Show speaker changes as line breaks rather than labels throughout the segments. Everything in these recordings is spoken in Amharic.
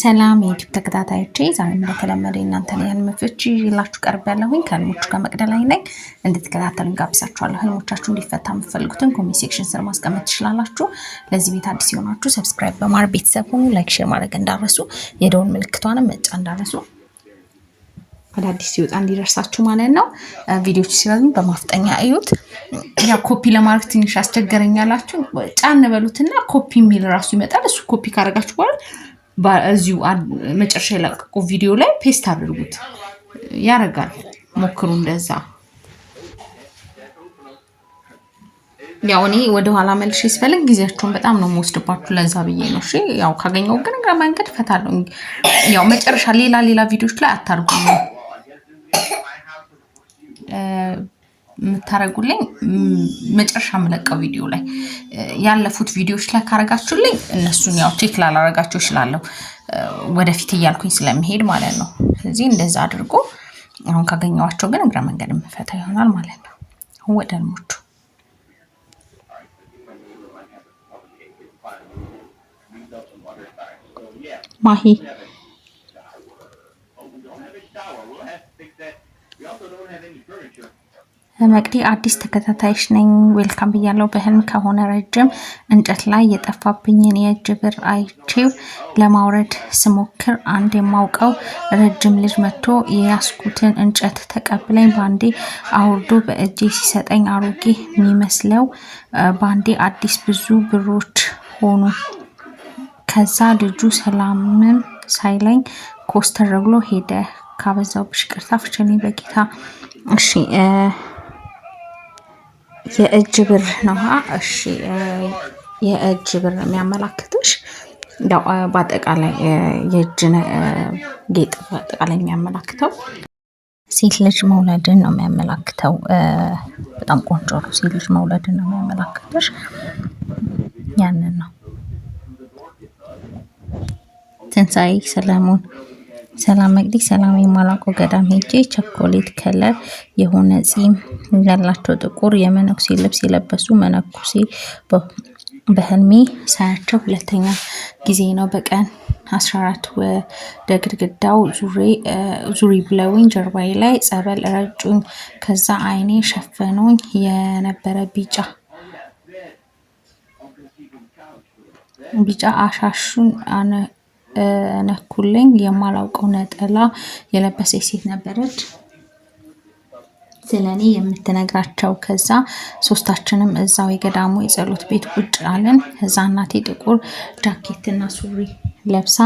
ሰላም የዩቲዩብ ተከታታዮቼ ዛሬ እንደተለመደ እናንተ ላይ ህልም ፍቺ ይዤላችሁ ያለሁኝ ከህልሞቹ ጋር መቅደላይ ላይ እንድትከታተሉ እንጋብዛችኋለሁ። ህልሞቻችሁ እንዲፈታ የምትፈልጉትን ኮሜንት ሴክሽን ስር ማስቀመጥ ትችላላችሁ። ለዚህ ቤት አዲስ የሆናችሁ ሰብስክራይብ በማድረግ ቤተሰብ ሁኑ። ላይክ፣ ሼር ማድረግ እንዳረሱ፣ የደውል ምልክቷንም መጫ እንዳረሱ አዳዲስ ሲወጣ እንዲደርሳችሁ ማለት ነው። ቪዲዮች ሲበዙ በማፍጠኛ እዩት። ያ ኮፒ ለማድረግ ትንሽ ያስቸገረኛላችሁ። ጫን በሉትና ኮፒ የሚል ራሱ ይመጣል። እሱ ኮፒ ካደረጋችሁ በኋላ እዚሁ መጨረሻ የለቀቁ ቪዲዮ ላይ ፔስት አድርጉት። ያደርጋል። ሞክሩ እንደዛ። ያው እኔ ወደኋላ መልሼ ስፈልግ ጊዜያቸውን በጣም ነው የምወስድባችሁ። ለዛ ብዬ ነው። እሺ ያው ካገኘው ግን ግራ መንገድ ፈታለሁ። ያው መጨረሻ ሌላ ሌላ ቪዲዮዎች ላይ አታርጉ። የምታደርጉልኝ መጨረሻ የምለቀው ቪዲዮ ላይ ያለፉት ቪዲዮዎች ላይ ካረጋችሁልኝ እነሱን ያው ቼክ ላላረጋቸው እችላለሁ፣ ወደፊት እያልኩኝ ስለሚሄድ ማለት ነው። ስለዚህ እንደዛ አድርጎ አሁን ካገኘዋቸው ግን እግረ መንገድ የምፈታ ይሆናል ማለት ነው። አሁን ወደ ማሂ መቅዲ አዲስ ተከታታይሽ ነኝ። ዌልካም ብያለው። በህልም ከሆነ ረጅም እንጨት ላይ የጠፋብኝን የእጅ ብር አይቼው ለማውረድ ስሞክር አንድ የማውቀው ረጅም ልጅ መጥቶ የያስኩትን እንጨት ተቀብለኝ ባንዴ አውርዶ በእጄ ሲሰጠኝ አሮጌ የሚመስለው ባንዴ አዲስ ብዙ ብሮች ሆኑ። ከዛ ልጁ ሰላምም ሳይለኝ ኮስተር ብሎ ሄደ። ካበዛው ብሽቅርታ ቅርታ በጌታ እሺ የእጅ ብር ነው። እሺ የእጅ ብር የሚያመላክትሽ ያው በአጠቃላይ የእጅ ጌጥ በአጠቃላይ የሚያመላክተው ሴት ልጅ መውለድን ነው የሚያመላክተው። በጣም ቆንጆ ነው። ሴት ልጅ መውለድን ነው የሚያመላክትሽ። ያንን ነው ትንሣኤ ሰለሞን ሰላም መቅዲ ሰላም የማላቆ ገዳም ሄጄ ቸኮሌት ከለር የሆነ ፂም ያላቸው ጥቁር የመነኩሴ ልብስ የለበሱ መነኩሴ በህልሜ ሳያቸው ሁለተኛ ጊዜ ነው። በቀን 14 ወደ ግድግዳው ዙሪ ብለውኝ ጀርባዬ ላይ ጸበል ረጩኝ። ከዛ አይኔ ሸፈኖኝ የነበረ ቢጫ ቢጫ አሻሹን ነኩልኝ የማላውቀው ነጠላ የለበሰች ሴት ነበረች ስለኔ የምትነግራቸው። ከዛ ሶስታችንም እዛው የገዳሙ የጸሎት ቤት ቁጭ አለን። እዛ እናቴ ጥቁር ጃኬትና ሱሪ ለብሳ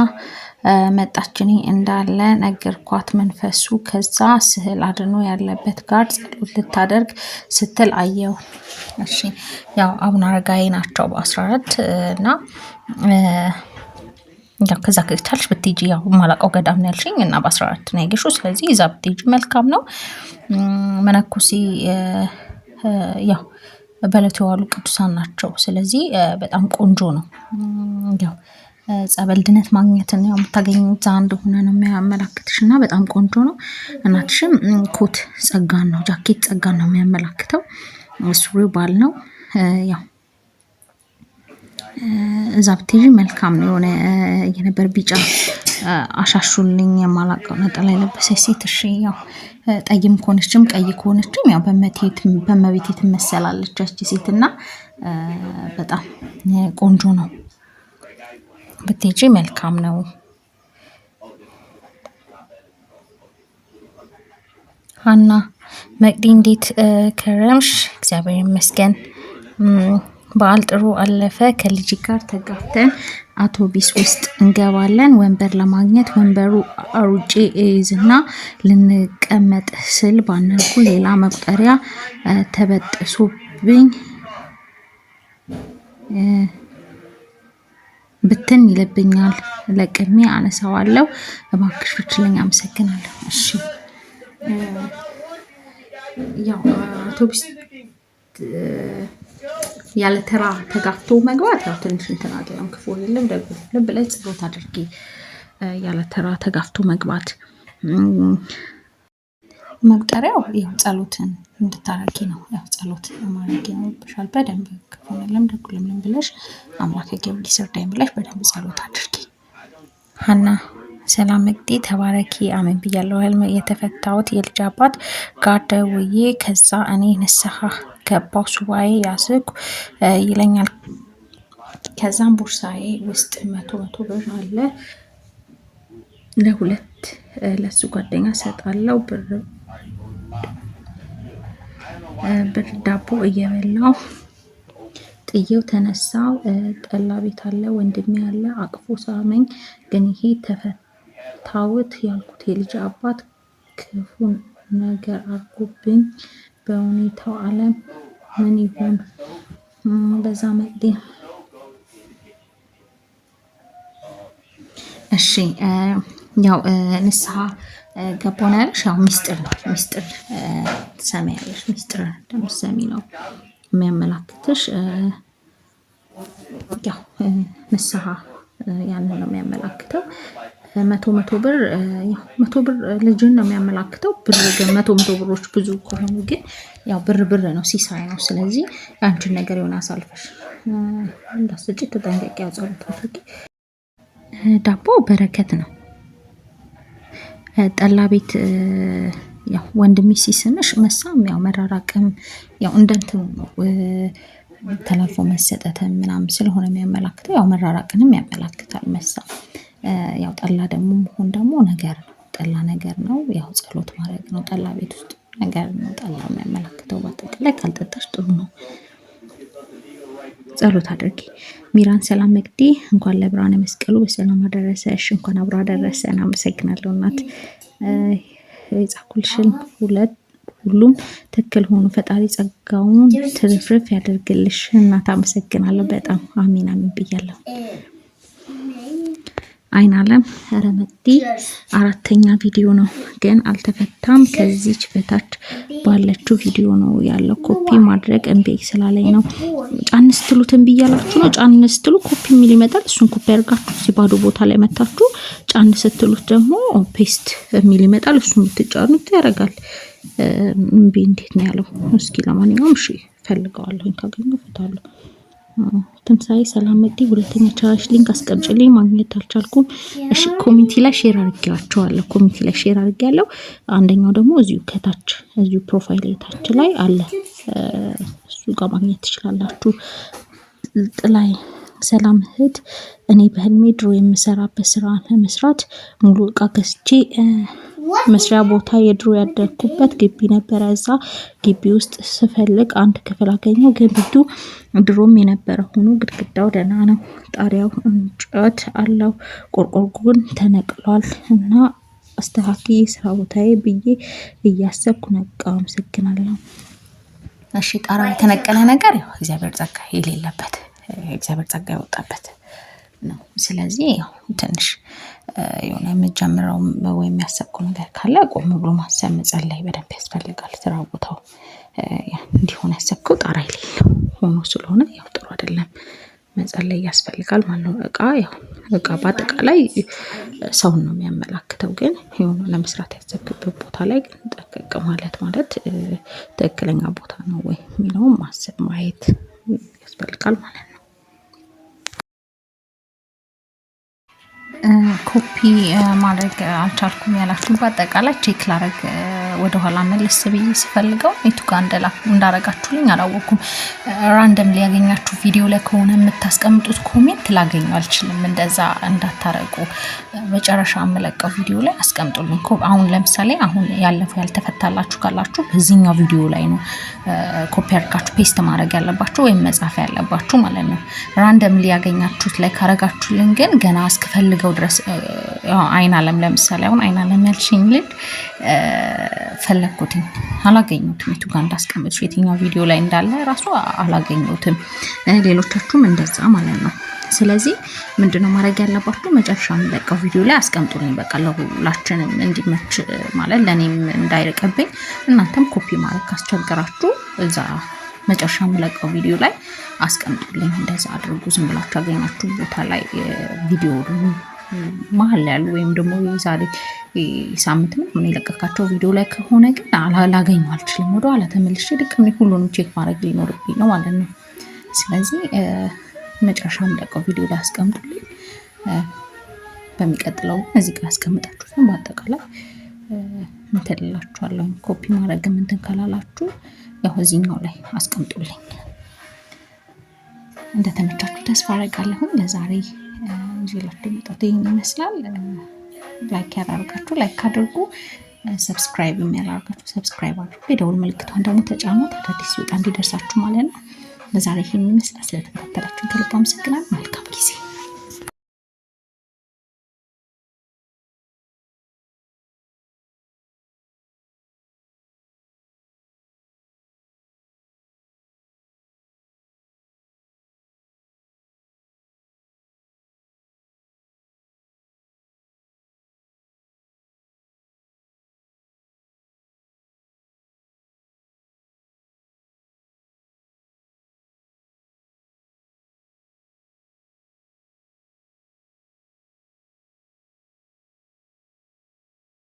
መጣችን። እንዳለ ነገርኳት መንፈሱ። ከዛ ስዕል አድኖ ያለበት ጋር ጸሎት ልታደርግ ስትል አየው። እሺ ያው አቡነ አረጋዊ ናቸው በ14 እና ያው ከዛ ከቻልሽ ብትጂ ያው ማላቀው ገዳም ነው ያልሽኝ እና በአስራ አራት ነው ያየሽው። ስለዚህ እዛ ብትጂ መልካም ነው። መነኮሴ ያው በዕለቱ የዋሉ ቅዱሳን ናቸው። ስለዚህ በጣም ቆንጆ ነው። ያው ጸበል ድነት ማግኘትን ያው የምታገኘው እዛ እንደሆነ ነው የሚያመላክትሽ እና በጣም ቆንጆ ነው። እናትሽም ኮት ጸጋን ነው ጃኬት ጸጋን ነው የሚያመላክተው። ሱሪው ባል ነው ያው እዛ ብትሄጂ መልካም ነው። የሆነ የነበር ቢጫ አሻሹልኝ የማላውቀው ነጠላ የለበሰች ሴት እሺ፣ ያው ጠይም ከሆነችም ቀይ ከሆነችም ያው በመቤቴ ትመሰላለች ያቺ ሴት እና በጣም ቆንጆ ነው። ብትሄጂ መልካም ነው። ሀና መቅዲ፣ እንዴት ከረምሽ? እግዚአብሔር ይመስገን። በዓል ጥሩ አለፈ። ከልጅ ጋር ተጋፍተን አውቶቢስ ውስጥ እንገባለን። ወንበር ለማግኘት ወንበሩ አሩጬ እይዝና ልንቀመጥ ስል ባነርኩ ሌላ መቁጠሪያ ተበጥሶብኝ ብትን ይልብኛል። ለቅሜ አነሳዋለሁ። እባክሽ ፍችልኝ። አመሰግናለሁ። እሺ ያው አውቶቢስ ያለ ተራ ተጋፍቶ መግባት ያው ትንሽ እንትን አይደለም፣ ክፉ አይደለም፣ ደግሞ ልብ ላይ ጸሎት አድርጌ ያለ ተራ ተጋፍቶ መግባት መቁጠሪያው ያው ጸሎትን እንድታረጊ ነው። ያው ጸሎት ማድረግ ይኖርብሻል። በደንብ ክፉ አይደለም፣ ደግ ልምልም ብለሽ አምላክ ገብዲ ሰርዳኝ ብለሽ በደንብ ጸሎት አድርጊ። ሀና ሰላም መቅጤ ተባረኪ። አሜን ብያለሁ። ህልም የተፈታሁት የልጅ አባት ጋር ደውዬ ከዛ እኔ ንስሐ ገባሁ ሱባኤ ያስኩ ይለኛል። ከዛም ቦርሳዬ ውስጥ መቶ መቶ ብር አለ። ለሁለት ለሱ ጓደኛ ሰጣለው። ብር ብር ዳቦ እየበላው ጥየው ተነሳው። ጠላ ቤት አለ፣ ወንድሜ አለ፣ አቅፎ ሳመኝ። ግን ይሄ ተፈታውት ያልኩት የልጅ አባት ክፉ ነገር አርጎብኝ በሁኔታው ዓለም ምን ይሆን በዛ መቅዲ እሺ ያው ንስሐ ገባን ያለሽ ያው ሚስጥር ነው። ሚስጥር ትሰሚያለሽ፣ ሚስጥር እንደምትሰሚ ነው የሚያመላክትሽ። ያው ንስሐ ያንን ነው የሚያመላክተው። መቶ መቶ ብር መቶ ብር ልጅን ነው የሚያመላክተው። ብር ግን መቶ መቶ ብሮች ብዙ ከሆኑ ግን ያው ብር ብር ነው፣ ሲሳይ ነው። ስለዚህ የአንችን ነገር የሆነ አሳልፈሽ እንዳስጭ ተጠንቀቂ። ያው ጸሎት አድርጊ። ዳቦ በረከት ነው። ጠላ ቤት ያው ወንድሜ ሲስምሽ መሳም ያው መራራቅም ያው እንደንትኑ ተላልፎ መሰጠትም ምናምን ስለሆነ የሚያመላክተው ያው መራራቅንም ያመላክታል መሳም ያው ጠላ ደግሞ መሆን ደግሞ ነገር ጠላ ነገር ነው። ያው ጸሎት ማድረግ ነው። ጠላ ቤት ውስጥ ነገር ነው። ጠላ የሚያመላክተው በአጠቃላይ ካልጠጣሽ ጥሩ ነው። ጸሎት አድርጊ። ሚራን ሰላም መግዲ፣ እንኳን ለብርሃነ መስቀሉ በሰላም አደረሰሽ። እንኳን አብሮ አደረሰን። አመሰግናለሁ እናት የጻኩልሽን ሁለት ሁሉም ትክክል ሆኑ። ፈጣሪ ጸጋውን ትርፍርፍ ያደርግልሽ እናት። አመሰግናለሁ በጣም አሚን አሚን ብያለሁ። አይን አለም ረመቲ አራተኛ ቪዲዮ ነው፣ ግን አልተፈታም። ከዚች በታች ባለችው ቪዲዮ ነው ያለው። ኮፒ ማድረግ እምቢ ስላለኝ ነው። ጫን ስትሉት እምቢ እያላችሁ ነው። ጫን ስትሉ ኮፒ የሚል ይመጣል። እሱን ኮፒ አድርጋችሁ እዚህ ቦታ ላይ መታችሁ፣ ጫን ስትሉት ደግሞ ፔስት የሚል ይመጣል። እሱን ብትጫኑት ያደርጋል። እምቢ እንዴት ነው ያለው? እስኪ ለማንኛውም እሺ፣ ፈልገዋለሁኝ ካገኘሁ እፈታለሁ። ተምሳሌ ሰላምቲ ሁለተኛ ቻርጅ ሊንክ አስቀምጭልኝ ማግኘት አልቻልኩም። እሺ ኮሚኒቲ ላይ ሼር አድርጌዋቸዋለሁ። ኮሚኒቲ ላይ ሼር አድርጌያለሁ። አንደኛው ደግሞ እዚሁ ከታች እዚሁ ፕሮፋይል የታች ላይ አለ። እሱ ጋር ማግኘት ትችላላችሁ። ጥላይ ሰላም እህት፣ እኔ በህልሜ ድሮ የምሰራበት ስራ ለመስራት ሙሉ እቃ ገዝቼ መስሪያ ቦታ የድሮ ያደግኩበት ግቢ ነበረ። እዛ ግቢ ውስጥ ስፈልግ አንድ ክፍል አገኘው። ግቢቱ ድሮም የነበረ ሆኖ ግድግዳው ደህና ነው። ጣሪያው እንጨት አለው። ቆርቆርጉን ተነቅሏል እና አስተካኪ ስራ ቦታዬ ብዬ እያሰብኩ ነቃው። አመሰግናለሁ። እሺ ጣራ የተነቀለ ነገር ያው እግዚአብሔር ጸጋ የሌለበት እግዚአብሔር ጸጋ የወጣበት ነው። ስለዚህ ያው ትንሽ የሆነ የምጀምረው ወይም ያሰብከው ነገር ካለ ቆም ብሎ ማሰብ፣ መጸለይ በደንብ ያስፈልጋል። ስራ ቦታው እንዲሆን ያሰብከው ጣራ የሌለው ሆኖ ስለሆነ ያው ጥሩ አይደለም። መጸለይ ያስፈልጋል ማለት ነው። እቃ ያው እቃ በአጠቃላይ ሰውን ነው የሚያመላክተው፣ ግን የሆነ ለመስራት ያሰብክበት ቦታ ላይ ግን ጠቅቅ ማለት ማለት ትክክለኛ ቦታ ነው ወይ የሚለውም ማሰብ ማየት ያስፈልጋል ማለት ነው። ኮፒ ማድረግ አልቻልኩም ያላችሁ በአጠቃላይ ቼክ ላረግ ወደኋላ መለስ ብዬ ስፈልገው የቱ ጋር እንዳረጋችሁልኝ አላወኩም። ራንደም ሊያገኛችሁ ቪዲዮ ላይ ከሆነ የምታስቀምጡት ኮሜንት ላገኙ አልችልም። እንደዛ እንዳታረጉ መጨረሻ የምለቀው ቪዲዮ ላይ አስቀምጡልኝ። አሁን ለምሳሌ አሁን ያለፈው ያልተፈታላችሁ ካላችሁ በዚህኛው ቪዲዮ ላይ ነው ኮፒ አድርጋችሁ ፔስት ማድረግ ያለባችሁ ወይም መጻፍ ያለባችሁ ማለት ነው። ራንደም ሊያገኛችሁት ላይ ካረጋችሁልኝ ግን ገና እስክፈልገው ድረስ አይን አለም ለምሳሌ አሁን አይን አለም ያልሽኝ ልጅ ፈለግኩትኝ አላገኘሁትም። የቱ ጋር እንዳስቀመጥሽው የትኛው ቪዲዮ ላይ እንዳለ ራሱ አላገኘሁትም። ሌሎቻችሁም እንደዛ ማለት ነው። ስለዚህ ምንድነው ማድረግ ያለባችሁ? መጨረሻ የሚለቀው ቪዲዮ ላይ አስቀምጡልኝ። በቃ ለሁላችንም እንዲመች ማለት ለእኔም እንዳይርቅብኝ፣ እናንተም ኮፒ ማድረግ ካስቸገራችሁ እዛ መጨረሻ የምለቀው ቪዲዮ ላይ አስቀምጡልኝ። እንደዛ አድርጉ። ዝም ብላችሁ ያገኛችሁ ቦታ ላይ ቪዲዮ መሀል ላይ ያሉ ወይም ደግሞ ዛሬ ሳምንት ምናምን የለቀካቸው ቪዲዮ ላይ ከሆነ ግን ላገኙ አልችልም። ወደ ኋላ ተመልሼ ድክም ሁሉንም ቼክ ማድረግ ሊኖርብኝ ነው ማለት ነው። ስለዚህ መጨረሻ የምለቀው ቪዲዮ ላይ አስቀምጡልኝ። በሚቀጥለው እዚህ ጋር አስቀምጣችሁ በአጠቃላይ ምትልላችኋለሁ ኮፒ ማድረግ ምንትን ከላላችሁ ያው እዚህኛው ላይ አስቀምጡልኝ። እንደተመቻችሁ ተስፋ አደርጋለሁኝ ለዛሬ ይዤላችሁ የመጣሁት ይህን ይመስላል። ላይክ ያላደርጋችሁ ላይክ አድርጉ፣ ሰብስክራይብ የሚያላደርጋችሁ ሰብስክራይብ አድርጉ። የደውል ምልክቷን ደግሞ ተጫኑት፣ አዳዲስ ሲወጣ እንዲደርሳችሁ ማለት ነው። በዛሬ ይህን ይመስላል። ስለተከታተላችሁ ከልብ አመሰግናለሁ። መልካም ጊዜ